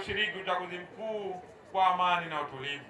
kushiriki uchaguzi mkuu kwa amani na utulivu.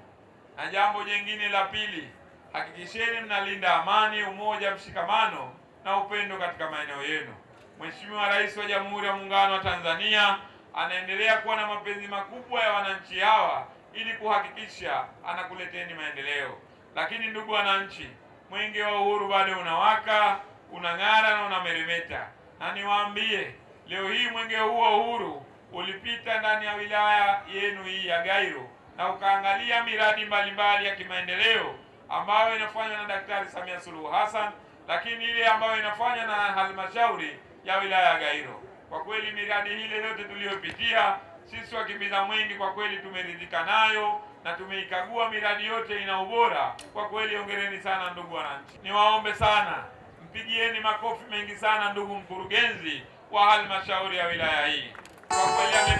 Na jambo jingine la pili, hakikisheni mnalinda amani, umoja, mshikamano na upendo katika maeneo yenu. Mheshimiwa Rais wa Jamhuri ya Muungano wa Tanzania anaendelea kuwa na mapenzi makubwa ya wananchi hawa ili kuhakikisha anakuleteni maendeleo. Lakini ndugu wananchi, mwenge wa uhuru bado unawaka, unang'ara na unameremeta, na niwaambie leo hii mwenge huu wa uhuru ulipita ndani ya wilaya yenu hii ya Gairo na ukaangalia miradi mbalimbali ya kimaendeleo ambayo inafanywa na Daktari Samia Suluhu Hassan, lakini ile ambayo inafanywa na halmashauri ya wilaya ya Gairo. Kwa kweli miradi hile yote tuliyopitia sisi wakimbiza mwingi, kwa kweli tumeridhika nayo na tumeikagua miradi yote, ina ubora kwa kweli. ongereni sana ndugu wananchi, niwaombe sana mpigieni makofi mengi sana ndugu mkurugenzi wa halmashauri ya wilaya hii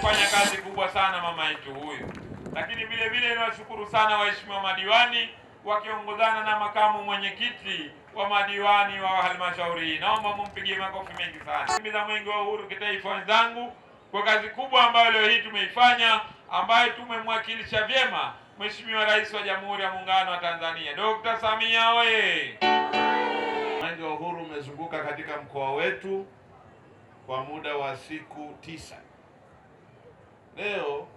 amefanya kazi kubwa sana mama yetu huyu, lakini vile vile nawashukuru sana waheshimiwa madiwani wakiongozana na makamu mwenyekiti wa madiwani wa halmashauri. Naomba mumpigie makofi mengi sana. Mimi za mwenge wa uhuru kitaifa wenzangu, kwa kazi kubwa ambayo leo hii tumeifanya, ambayo tumemwakilisha vyema Mheshimiwa Rais wa Jamhuri ya Muungano wa Tanzania Dr. Samia oye! Mwenge wa uhuru umezunguka katika mkoa wetu kwa muda wa siku tisa. Leo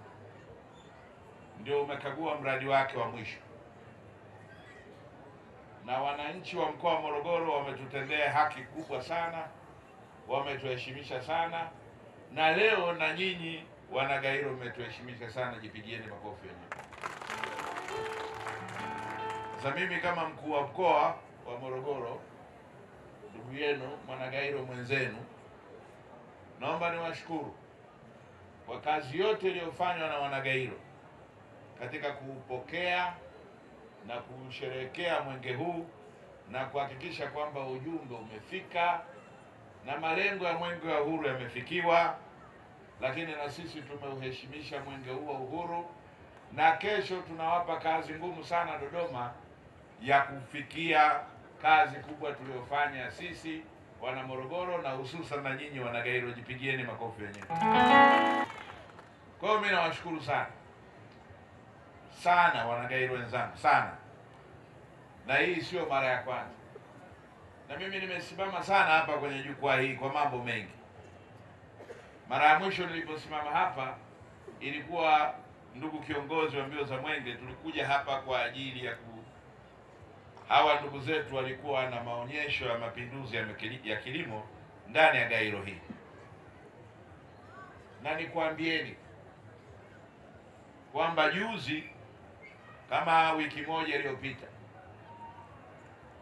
ndio umekagua mradi wake wa mwisho, na wananchi wa mkoa wa Morogoro wametutendea haki kubwa sana, wametuheshimisha sana, na leo na nyinyi Wanagairo mmetuheshimisha sana, jipigieni makofi yenu. Sasa mimi kama mkuu wa mkoa wa Morogoro, ndugu yenu Mwanagairo mwenzenu, naomba niwashukuru kwa kazi yote iliyofanywa na Wanagairo katika kuupokea na kuusherehekea mwenge huu na kuhakikisha kwamba ujumbe umefika na malengo ya mwenge wa uhuru yamefikiwa. Lakini na sisi tumeuheshimisha mwenge huu wa uhuru, na kesho tunawapa kazi ngumu sana Dodoma ya kufikia kazi kubwa tuliyofanya sisi wana Morogoro na hususan na nyinyi wana Gairo, jipigieni makofi wenyewe. Kwa hiyo mimi nawashukuru sana sana wana Gairo wenzangu sana, na hii sio mara ya kwanza, na mimi nimesimama sana hapa kwenye jukwaa hii kwa mambo mengi. Mara ya mwisho niliposimama hapa ilikuwa ndugu kiongozi wa mbio za mwenge, tulikuja hapa kwa ajili ya kuhu hawa ndugu zetu walikuwa na maonyesho ya mapinduzi ya kilimo ndani ya gairo hii, na nikwambieni kwamba juzi kama wiki moja iliyopita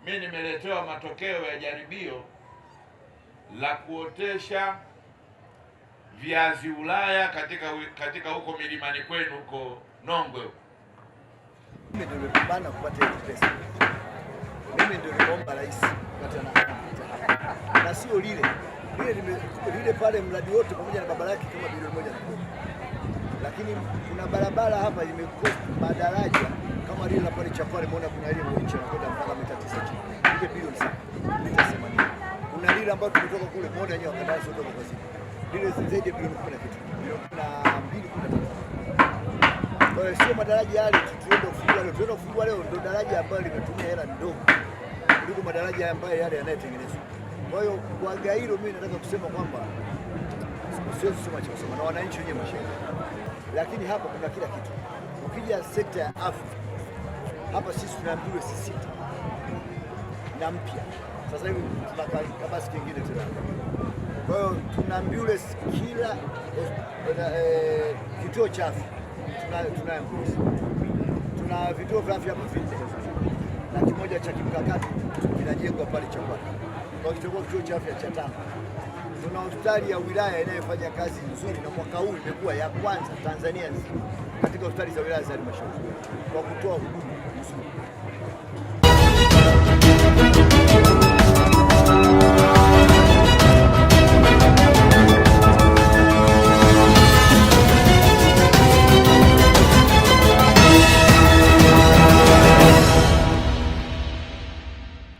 mi nimeletewa matokeo ya jaribio la kuotesha viazi Ulaya katika katika huko milimani kwenu huko Nongwe huko mimi ndio nikaomba rais wakati na sio lile lile lile pale, mradi wote pamoja na yake kama bilioni moja na lakini kuna barabara hapa imekosa madaraja kama lile la pale Chakwale, kuna ile mpaka mita 9 ile bilioni mita 80, kuna lile ambalo tumetoka kule, yenyewe wakandarasi kwa siku lile zaidi ya bilioni 10 na kitu, bilioni 12 sio madaraja yale, kufungua leo, tuende kufungua leo, ndio daraja ambalo limetumia hela ndogo kuliko madaraja ambayo yale yanayotengenezwa. Kwa hiyo kwa Gairo mimi nataka kusema kwamba siwezi kusema cha kusema na wananchi wenyewe mashaka, lakini hapa kuna kila kitu. Ukija sekta ya afya hapa sisi tuna sisi na mpya sasa hivi tuna kabasi kingine tena. Kwa hiyo tuna ambulensi kila eh, kituo cha afya, tuna ambulensi, tuna vituo vya afya hapa vinne na kimoja cha kimkakati kinajengwa pale Chapata kwa kitakuwa kituo cha afya cha tano. Tuna hospitali ya wilaya inayofanya kazi nzuri, na mwaka huu imekuwa ya kwanza Tanzania katika hospitali za wilaya za halmashauri kwa kutoa huduma nzuri.